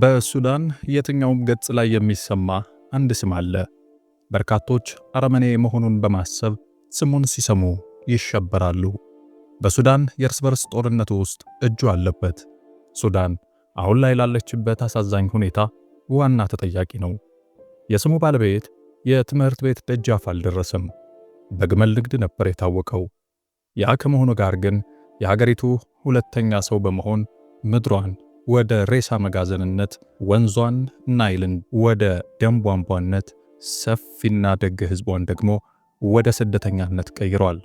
በሱዳን የትኛውም ገጽ ላይ የሚሰማ አንድ ስም አለ። በርካቶች አረመኔ መሆኑን በማሰብ ስሙን ሲሰሙ ይሸበራሉ። በሱዳን የእርስ በርስ ጦርነቱ ውስጥ እጁ አለበት። ሱዳን አሁን ላይ ላለችበት አሳዛኝ ሁኔታ ዋና ተጠያቂ ነው። የስሙ ባለቤት የትምህርት ቤት ደጃፍ አልደረሰም። በግመል ንግድ ነበር የታወቀው። ያ ከመሆኑ ጋር ግን የሀገሪቱ ሁለተኛ ሰው በመሆን ምድሯን ወደ ሬሳ መጋዘንነት፣ ወንዟን ናይልን ወደ ደም ቧንቧነት፣ ሰፊና ደግ ሕዝቧን ደግሞ ወደ ስደተኛነት ቀይሯል።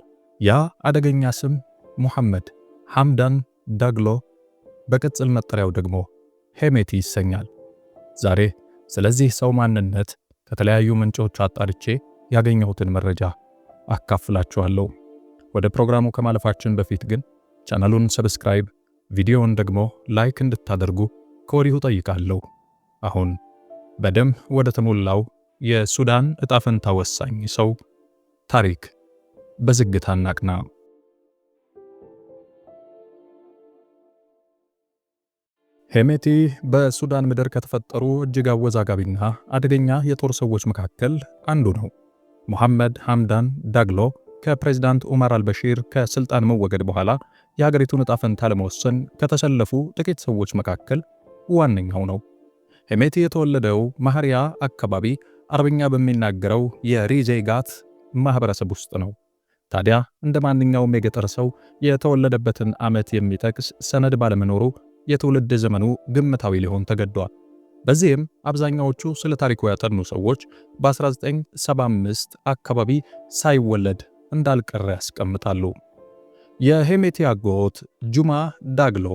ያ አደገኛ ስም ሙሐመድ ሐምዳን ዳግሎ በቅጽል መጠሪያው ደግሞ ሄሜቲ ይሰኛል። ዛሬ ስለዚህ ሰው ማንነት ከተለያዩ ምንጮች አጣርቼ ያገኘሁትን መረጃ አካፍላችኋለሁ። ወደ ፕሮግራሙ ከማለፋችን በፊት ግን ቻናሉን ሰብስክራይብ ቪዲዮውን ደግሞ ላይክ እንድታደርጉ ከወዲሁ ጠይቃለሁ። አሁን በደም ወደ ተሞላው የሱዳን ዕጣ ፈንታ ወሳኝ ሰው ታሪክ በዝግታ እናቅና። ሄሜቲ በሱዳን ምድር ከተፈጠሩ እጅግ አወዛጋቢና አደገኛ የጦር ሰዎች መካከል አንዱ ነው። ሙሐመድ ሐምዳን ዳግሎ ከፕሬዚዳንት ዑመር አልበሺር ከስልጣን መወገድ በኋላ የሀገሪቱን ዕጣ ፈንታ ለመወሰን ከተሰለፉ ጥቂት ሰዎች መካከል ዋነኛው ነው። ሄሜቲ የተወለደው ማህሪያ አካባቢ አረብኛ በሚናገረው የሪዜጋት ማኅበረሰብ ውስጥ ነው። ታዲያ እንደ ማንኛውም የገጠር ሰው የተወለደበትን ዓመት የሚጠቅስ ሰነድ ባለመኖሩ የትውልድ ዘመኑ ግምታዊ ሊሆን ተገዷል። በዚህም አብዛኛዎቹ ስለ ታሪኩ ያጠኑ ሰዎች በ1975 አካባቢ ሳይወለድ እንዳልቀረ ያስቀምጣሉ። የሄሜቲ አጎት ጁማ ዳግሎ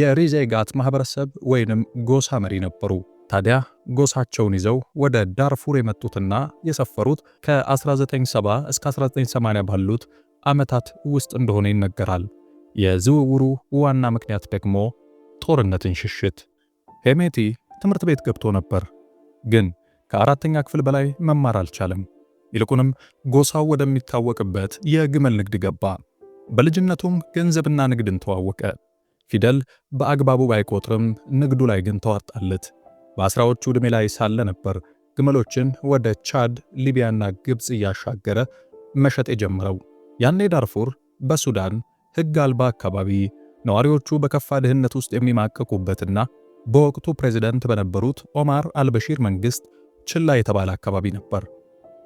የሪዜጋት ማህበረሰብ ወይንም ጎሳ መሪ ነበሩ። ታዲያ ጎሳቸውን ይዘው ወደ ዳርፉር የመጡትና የሰፈሩት ከ1970 እስከ 1980 ባሉት ዓመታት ውስጥ እንደሆነ ይነገራል። የዝውውሩ ዋና ምክንያት ደግሞ ጦርነትን ሽሽት። ሄሜቲ ትምህርት ቤት ገብቶ ነበር፣ ግን ከአራተኛ ክፍል በላይ መማር አልቻለም። ይልቁንም ጎሳው ወደሚታወቅበት የግመል ንግድ ገባ። በልጅነቱም ገንዘብና ንግድን ተዋወቀ። ፊደል በአግባቡ ባይቆጥርም ንግዱ ላይ ግን ተዋጣለት። በአስራዎቹ ዕድሜ ላይ ሳለ ነበር ግመሎችን ወደ ቻድ፣ ሊቢያና ግብፅ እያሻገረ መሸጥ የጀመረው። ያኔ ዳርፉር በሱዳን ሕግ አልባ አካባቢ ነዋሪዎቹ በከፋ ድህነት ውስጥ የሚማቀቁበትና በወቅቱ ፕሬዝደንት በነበሩት ኦማር አልበሺር መንግሥት ችላ የተባለ አካባቢ ነበር።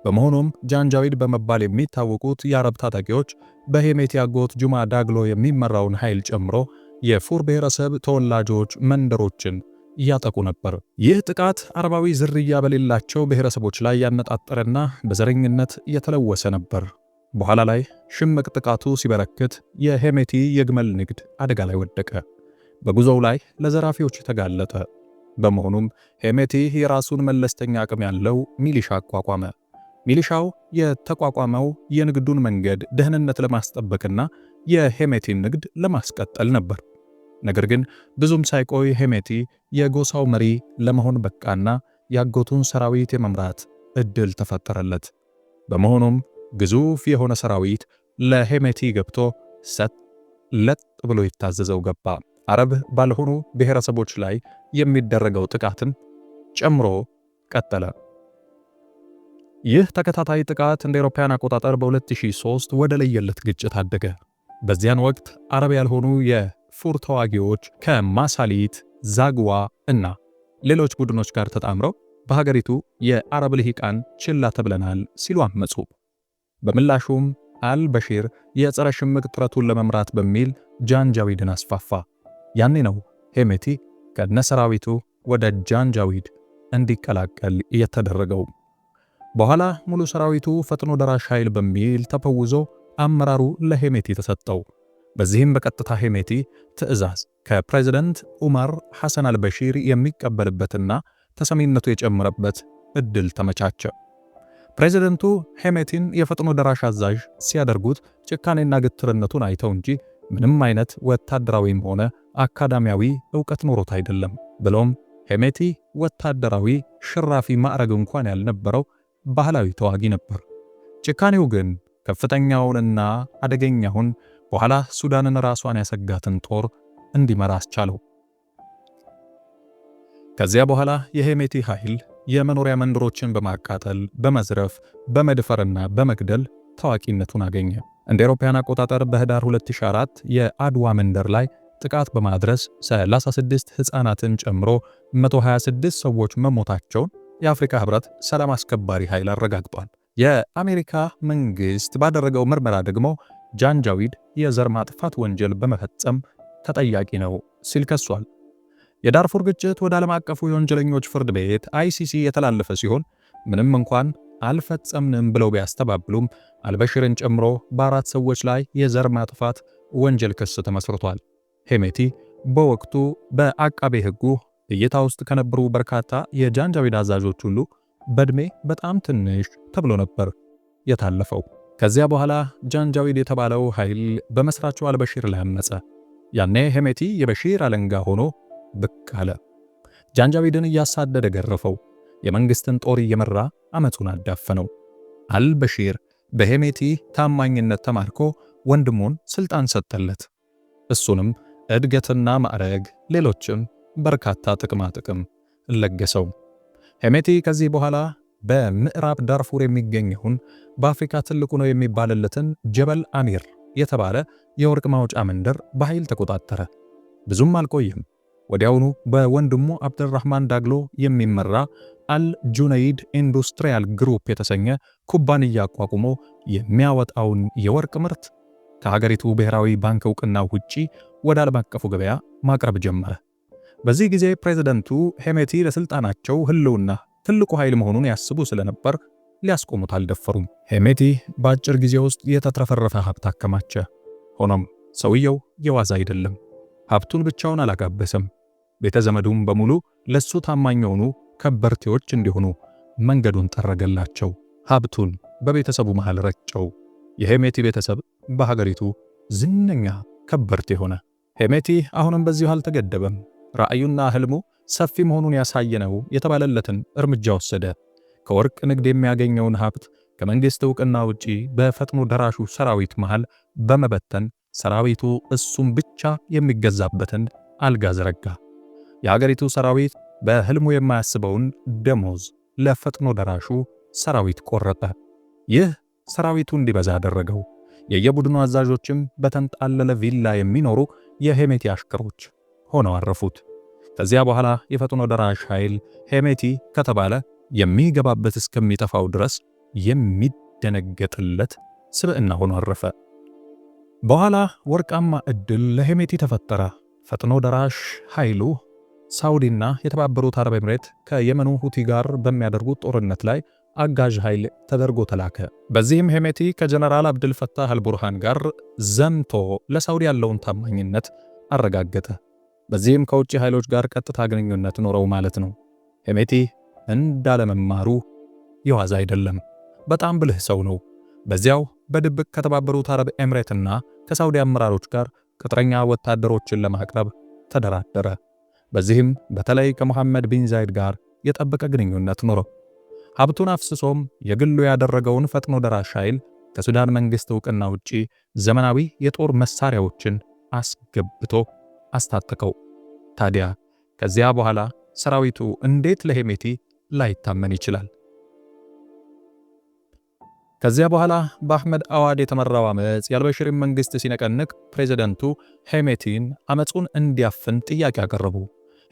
በመሆኑም ጃንጃዊድ በመባል የሚታወቁት የአረብ ታጣቂዎች በሄሜቲ አጎት ጁማ ዳግሎ የሚመራውን ኃይል ጨምሮ የፉር ብሔረሰብ ተወላጆች መንደሮችን እያጠቁ ነበር። ይህ ጥቃት አረባዊ ዝርያ በሌላቸው ብሔረሰቦች ላይ ያነጣጠረና በዘረኝነት የተለወሰ ነበር። በኋላ ላይ ሽምቅ ጥቃቱ ሲበረክት የሄሜቲ የግመል ንግድ አደጋ ላይ ወደቀ። በጉዞው ላይ ለዘራፊዎች ተጋለጠ። በመሆኑም ሄሜቲ የራሱን መለስተኛ አቅም ያለው ሚሊሻ አቋቋመ። ሚሊሻው የተቋቋመው የንግዱን መንገድ ደህንነት ለማስጠበቅና የሄሜቲን ንግድ ለማስቀጠል ነበር። ነገር ግን ብዙም ሳይቆይ ሄሜቲ የጎሳው መሪ ለመሆን በቃና ያጎቱን ሰራዊት የመምራት እድል ተፈጠረለት። በመሆኑም ግዙፍ የሆነ ሰራዊት ለሄሜቲ ገብቶ ሰጥ ለጥ ብሎ ይታዘዘው ገባ። አረብ ባልሆኑ ብሔረሰቦች ላይ የሚደረገው ጥቃትን ጨምሮ ቀጠለ። ይህ ተከታታይ ጥቃት እንደ አውሮፓውያን አቆጣጠር በ2003 ወደ ለየለት ግጭት አደገ። በዚያን ወቅት አረብ ያልሆኑ የፉር ተዋጊዎች ከማሳሊት ዛግዋ እና ሌሎች ቡድኖች ጋር ተጣምረው በሀገሪቱ የአረብ ልሂቃን ችላ ተብለናል ሲሉ አመፁ። በምላሹም አልበሺር የጸረ ሽምቅ ጥረቱን ለመምራት በሚል ጃንጃዊድን አስፋፋ። ያኔ ነው ሄሜቲ ከነሰራዊቱ ወደ ጃንጃዊድ እንዲቀላቀል የተደረገው። በኋላ ሙሉ ሰራዊቱ ፈጥኖ ደራሽ ኃይል በሚል ተፈውዞ አመራሩ ለሄሜቲ ተሰጠው። በዚህም በቀጥታ ሄሜቲ ትዕዛዝ ከፕሬዝደንት ዑመር ሐሰን አልበሺር የሚቀበልበትና ተሰሚነቱ የጨመረበት እድል ተመቻቸ። ፕሬዝደንቱ ሄሜቲን የፈጥኖ ደራሽ አዛዥ ሲያደርጉት ጭካኔና ግትርነቱን አይተው እንጂ ምንም አይነት ወታደራዊም ሆነ አካዳሚያዊ ዕውቀት ኖሮት አይደለም። ብሎም ሄሜቲ ወታደራዊ ሽራፊ ማዕረግ እንኳን ያልነበረው ባህላዊ ተዋጊ ነበር። ጭካኔው ግን ከፍተኛውንና አደገኛውን በኋላ ሱዳንን ራሷን ያሰጋትን ጦር እንዲመራ አስቻለው። ከዚያ በኋላ የሄሜቲ ኃይል የመኖሪያ መንደሮችን በማቃጠል በመዝረፍ፣ በመድፈርና በመግደል ታዋቂነቱን አገኘ። እንደ አውሮፓውያን አቆጣጠር በህዳር 2004 የአድዋ መንደር ላይ ጥቃት በማድረስ 36 ሕፃናትን ጨምሮ 126 ሰዎች መሞታቸውን የአፍሪካ ህብረት ሰላም አስከባሪ ኃይል አረጋግጧል። የአሜሪካ መንግስት ባደረገው ምርመራ ደግሞ ጃንጃዊድ የዘር ማጥፋት ወንጀል በመፈጸም ተጠያቂ ነው ሲል ከሷል። የዳርፉር ግጭት ወደ ዓለም አቀፉ የወንጀለኞች ፍርድ ቤት አይሲሲ የተላለፈ ሲሆን ምንም እንኳን አልፈጸምንም ብለው ቢያስተባብሉም አልበሽርን ጨምሮ በአራት ሰዎች ላይ የዘር ማጥፋት ወንጀል ክስ ተመስርቷል። ሄሜቲ በወቅቱ በአቃቤ ህጉ። እይታ ውስጥ ከነበሩ በርካታ የጃንጃዊድ አዛዦች ሁሉ በእድሜ በጣም ትንሽ ተብሎ ነበር የታለፈው። ከዚያ በኋላ ጃንጃዊድ የተባለው ኃይል በመስራቸው አልበሺር ላይ አመፀ። ያኔ ሄሜቲ የበሺር አለንጋ ሆኖ ብቅ አለ። ጃንጃዊድን እያሳደደ ገረፈው። የመንግስትን ጦር እየመራ አመቱን አዳፈነው። አልበሺር በሄሜቲ ታማኝነት ተማርኮ ወንድሙን ስልጣን ሰጠለት። እሱንም እድገትና ማዕረግ፣ ሌሎችም በርካታ ጥቅማ ጥቅም ለገሰው። ሄሜቲ ከዚህ በኋላ በምዕራብ ዳርፉር የሚገኘውን በአፍሪካ ትልቁ ነው የሚባልለትን ጀበል አሚር የተባለ የወርቅ ማውጫ መንደር በኃይል ተቆጣጠረ። ብዙም አልቆይም። ወዲያውኑ በወንድሙ አብድራህማን ዳግሎ የሚመራ አል ኢንዱስትሪያል ግሩፕ የተሰኘ ኩባንያ አቋቁሞ የሚያወጣውን የወርቅ ምርት ከሀገሪቱ ብሔራዊ ባንክ እውቅና ውጪ ወደ ዓለም አቀፉ ገበያ ማቅረብ ጀመረ። በዚህ ጊዜ ፕሬዝደንቱ ሄሜቲ ለስልጣናቸው ህልውና ትልቁ ኃይል መሆኑን ያስቡ ስለነበር ሊያስቆሙት አልደፈሩም። ሄሜቲ በአጭር ጊዜ ውስጥ የተትረፈረፈ ሀብት አከማቸ። ሆኖም ሰውየው የዋዛ አይደለም። ሀብቱን ብቻውን አላጋበሰም። ቤተ ዘመዱም በሙሉ ለሱ ታማኝ የሆኑ ከበርቴዎች እንዲሆኑ መንገዱን ጠረገላቸው። ሀብቱን በቤተሰቡ መሃል ረጨው። የሄሜቲ ቤተሰብ በሀገሪቱ ዝነኛ ከበርቴ ሆነ። ሄሜቲ አሁንም በዚሁ አልተገደበም። ራእዩና ህልሙ ሰፊ መሆኑን ያሳየ ነው የተባለለትን እርምጃ ወሰደ። ከወርቅ ንግድ የሚያገኘውን ሀብት ከመንግሥት ዕውቅና ውጪ በፈጥኖ ደራሹ ሰራዊት መሃል በመበተን ሰራዊቱ እሱም ብቻ የሚገዛበትን አልጋ ዘረጋ። የአገሪቱ ሰራዊት በህልሙ የማያስበውን ደሞዝ ለፈጥኖ ደራሹ ሰራዊት ቆረጠ። ይህ ሰራዊቱ እንዲበዛ አደረገው። የየቡድኑ አዛዦችም በተንጣለለ ቪላ የሚኖሩ የሄሜቲ አሽከሮች ሆነው አረፉት። ከዚያ በኋላ የፈጥኖ ደራሽ ኃይል ሄሜቲ ከተባለ የሚገባበት እስከሚጠፋው ድረስ የሚደነገጥለት ስብዕና ሆኖ አረፈ። በኋላ ወርቃማ ዕድል ለሄሜቲ ተፈጠረ። ፈጥኖ ደራሽ ኃይሉ ሳውዲና የተባበሩት አረብ ኤምሬት ከየመኑ ሁቲ ጋር በሚያደርጉት ጦርነት ላይ አጋዥ ኃይል ተደርጎ ተላከ። በዚህም ሄሜቲ ከጀነራል አብድልፈታህ አልቡርሃን ጋር ዘምቶ ለሳውዲ ያለውን ታማኝነት አረጋገጠ። በዚህም ከውጭ ኃይሎች ጋር ቀጥታ ግንኙነት ኖረው ማለት ነው። ሄሜቲ እንዳለመማሩ የዋዛ አይደለም። በጣም ብልህ ሰው ነው። በዚያው በድብቅ ከተባበሩት አረብ ኤምሬትና ከሳውዲ አመራሮች ጋር ቅጥረኛ ወታደሮችን ለማቅረብ ተደራደረ። በዚህም በተለይ ከሙሐመድ ቢን ዛይድ ጋር የጠበቀ ግንኙነት ኖረው ሀብቱን አፍስሶም የግሉ ያደረገውን ፈጥኖ ደራሽ ኃይል ከሱዳን መንግሥት ዕውቅና ውጪ ዘመናዊ የጦር መሳሪያዎችን አስገብቶ አስታጠቀው። ታዲያ ከዚያ በኋላ ሰራዊቱ እንዴት ለሄሜቲ ላይታመን ይችላል? ከዚያ በኋላ በአህመድ አዋድ የተመራው አመፅ የአልበሽርን መንግሥት ሲነቀንቅ ፕሬዚደንቱ ሄሜቲን አመፁን እንዲያፍን ጥያቄ አቀረቡ።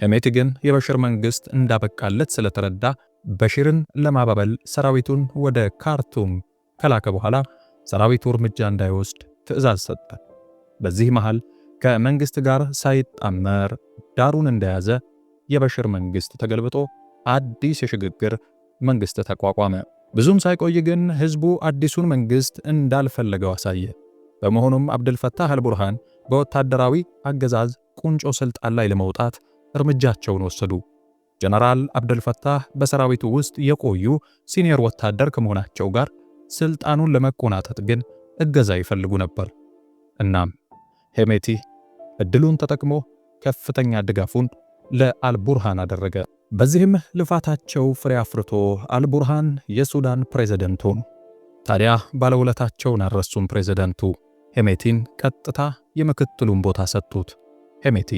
ሄሜቲ ግን የበሽር መንግሥት እንዳበቃለት ስለተረዳ በሽርን ለማባበል ሰራዊቱን ወደ ካርቱም ከላከ በኋላ ሰራዊቱ እርምጃ እንዳይወስድ ትዕዛዝ ሰጠ። በዚህ መሃል ከመንግስት ጋር ሳይጣመር ዳሩን እንደያዘ የበሽር መንግስት ተገልብጦ አዲስ የሽግግር መንግስት ተቋቋመ። ብዙም ሳይቆይ ግን ህዝቡ አዲሱን መንግስት እንዳልፈለገው አሳየ። በመሆኑም አብደልፈታህ አልቡርሃን በወታደራዊ አገዛዝ ቁንጮ ስልጣን ላይ ለመውጣት እርምጃቸውን ወሰዱ። ጀነራል አብደልፈታህ በሰራዊቱ ውስጥ የቆዩ ሲኒየር ወታደር ከመሆናቸው ጋር ስልጣኑን ለመቆናጠጥ ግን እገዛ ይፈልጉ ነበር። እናም ሄሜቲ እድሉን ተጠቅሞ ከፍተኛ ድጋፉን ለአልቡርሃን አደረገ። በዚህም ልፋታቸው ፍሬ አፍርቶ አልቡርሃን የሱዳን ፕሬዝደንት ሆኑ። ታዲያ ባለውለታቸውን አልረሱም። ፕሬዝደንቱ ሄሜቲን ቀጥታ የምክትሉን ቦታ ሰጡት። ሄሜቲ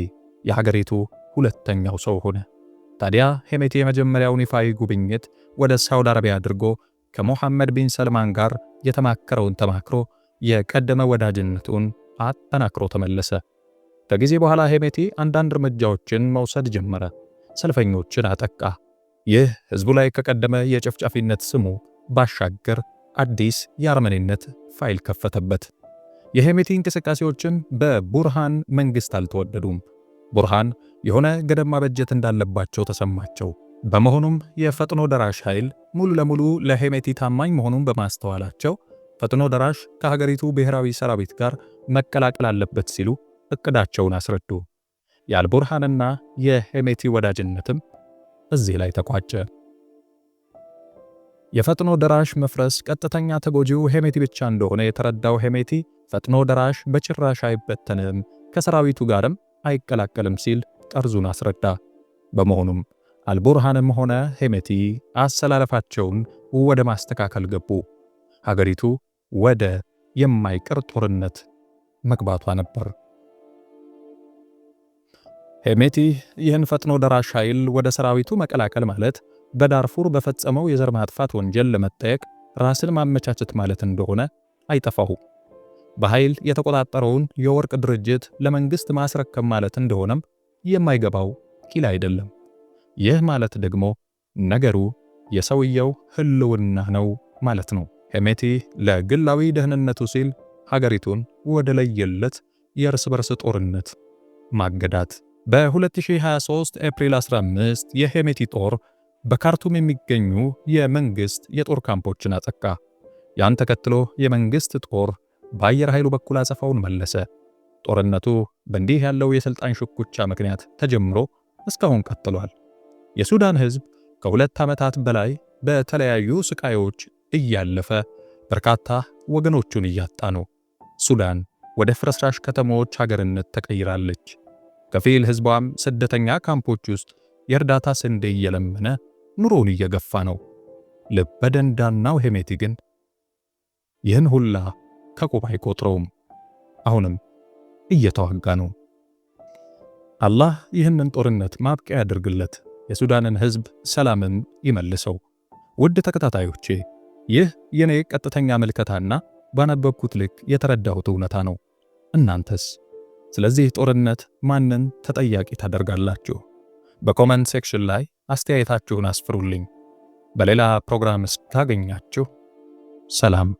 የሀገሪቱ ሁለተኛው ሰው ሆነ። ታዲያ ሄሜቲ የመጀመሪያውን ይፋዊ ጉብኝት ወደ ሳውዲ አረቢያ አድርጎ ከሞሐመድ ቢን ሰልማን ጋር የተማከረውን ተማክሮ የቀደመ ወዳጅነቱን አጠናክሮ ተመለሰ። ከጊዜ በኋላ ሄሜቲ አንዳንድ እርምጃዎችን መውሰድ ጀመረ። ሰልፈኞችን አጠቃ። ይህ ህዝቡ ላይ ከቀደመ የጨፍጫፊነት ስሙ ባሻገር አዲስ የአርመኔነት ፋይል ከፈተበት። የሄሜቲ እንቅስቃሴዎችም በቡርሃን መንግስት አልተወደዱም። ቡርሃን የሆነ ገደማ በጀት እንዳለባቸው ተሰማቸው። በመሆኑም የፈጥኖ ደራሽ ኃይል ሙሉ ለሙሉ ለሄሜቲ ታማኝ መሆኑን በማስተዋላቸው ፈጥኖ ደራሽ ከሀገሪቱ ብሔራዊ ሰራዊት ጋር መቀላቀል አለበት ሲሉ እቅዳቸውን አስረዱ። የአልቡርሃንና የሄሜቲ ወዳጅነትም እዚህ ላይ ተቋጨ። የፈጥኖ ደራሽ መፍረስ ቀጥተኛ ተጎጂው ሄሜቲ ብቻ እንደሆነ የተረዳው ሄሜቲ ፈጥኖ ደራሽ በጭራሽ አይበተንም፣ ከሰራዊቱ ጋርም አይቀላቀልም ሲል ጠርዙን አስረዳ። በመሆኑም አልቡርሃንም ሆነ ሄሜቲ አሰላለፋቸውን ወደ ማስተካከል ገቡ። ሀገሪቱ ወደ የማይቀር ጦርነት መግባቷ ነበር። ሄሜቲ ይህን ፈጥኖ ደራሽ ኃይል ወደ ሰራዊቱ መቀላቀል ማለት በዳርፉር በፈጸመው የዘር ማጥፋት ወንጀል ለመጠየቅ ራስን ማመቻቸት ማለት እንደሆነ አይጠፋሁ። በኃይል የተቆጣጠረውን የወርቅ ድርጅት ለመንግሥት ማስረከብ ማለት እንደሆነም የማይገባው ኪል አይደለም። ይህ ማለት ደግሞ ነገሩ የሰውየው ህልውና ነው ማለት ነው። ሄሜቲ ለግላዊ ደህንነቱ ሲል ሀገሪቱን ወደ ለየለት የእርስ በርስ ጦርነት ማገዳት በ2023 ኤፕሪል 15 የሄሜቲ ጦር በካርቱም የሚገኙ የመንግሥት የጦር ካምፖችን አጠቃ። ያን ተከትሎ የመንግስት ጦር በአየር ኃይሉ በኩል አጸፋውን መለሰ። ጦርነቱ በእንዲህ ያለው የሥልጣን ሽኩቻ ምክንያት ተጀምሮ እስካሁን ቀጥሏል። የሱዳን ሕዝብ ከሁለት ዓመታት በላይ በተለያዩ ስቃዮች እያለፈ በርካታ ወገኖቹን እያጣ ነው። ሱዳን ወደ ፍርስራሽ ከተሞች አገርነት ተቀይራለች። ከፊል ህዝቧም ስደተኛ ካምፖች ውስጥ የእርዳታ ስንዴ እየለመነ ኑሮውን እየገፋ ነው። ልበ ደንዳናው ሄሜቲ ግን ይህን ሁላ ከቁብ አይቆጥረውም። አሁንም እየተዋጋ ነው። አላህ ይህንን ጦርነት ማብቂያ ያድርግለት፣ የሱዳንን ህዝብ ሰላምን ይመልሰው። ውድ ተከታታዮቼ ይህ የኔ ቀጥተኛ ምልከታና ባነበብኩት ልክ የተረዳሁት እውነታ ነው። እናንተስ? ስለዚህ ጦርነት ማንን ተጠያቂ ታደርጋላችሁ? በኮመንት ሴክሽን ላይ አስተያየታችሁን አስፍሩልኝ። በሌላ ፕሮግራም እስካገኛችሁ ሰላም።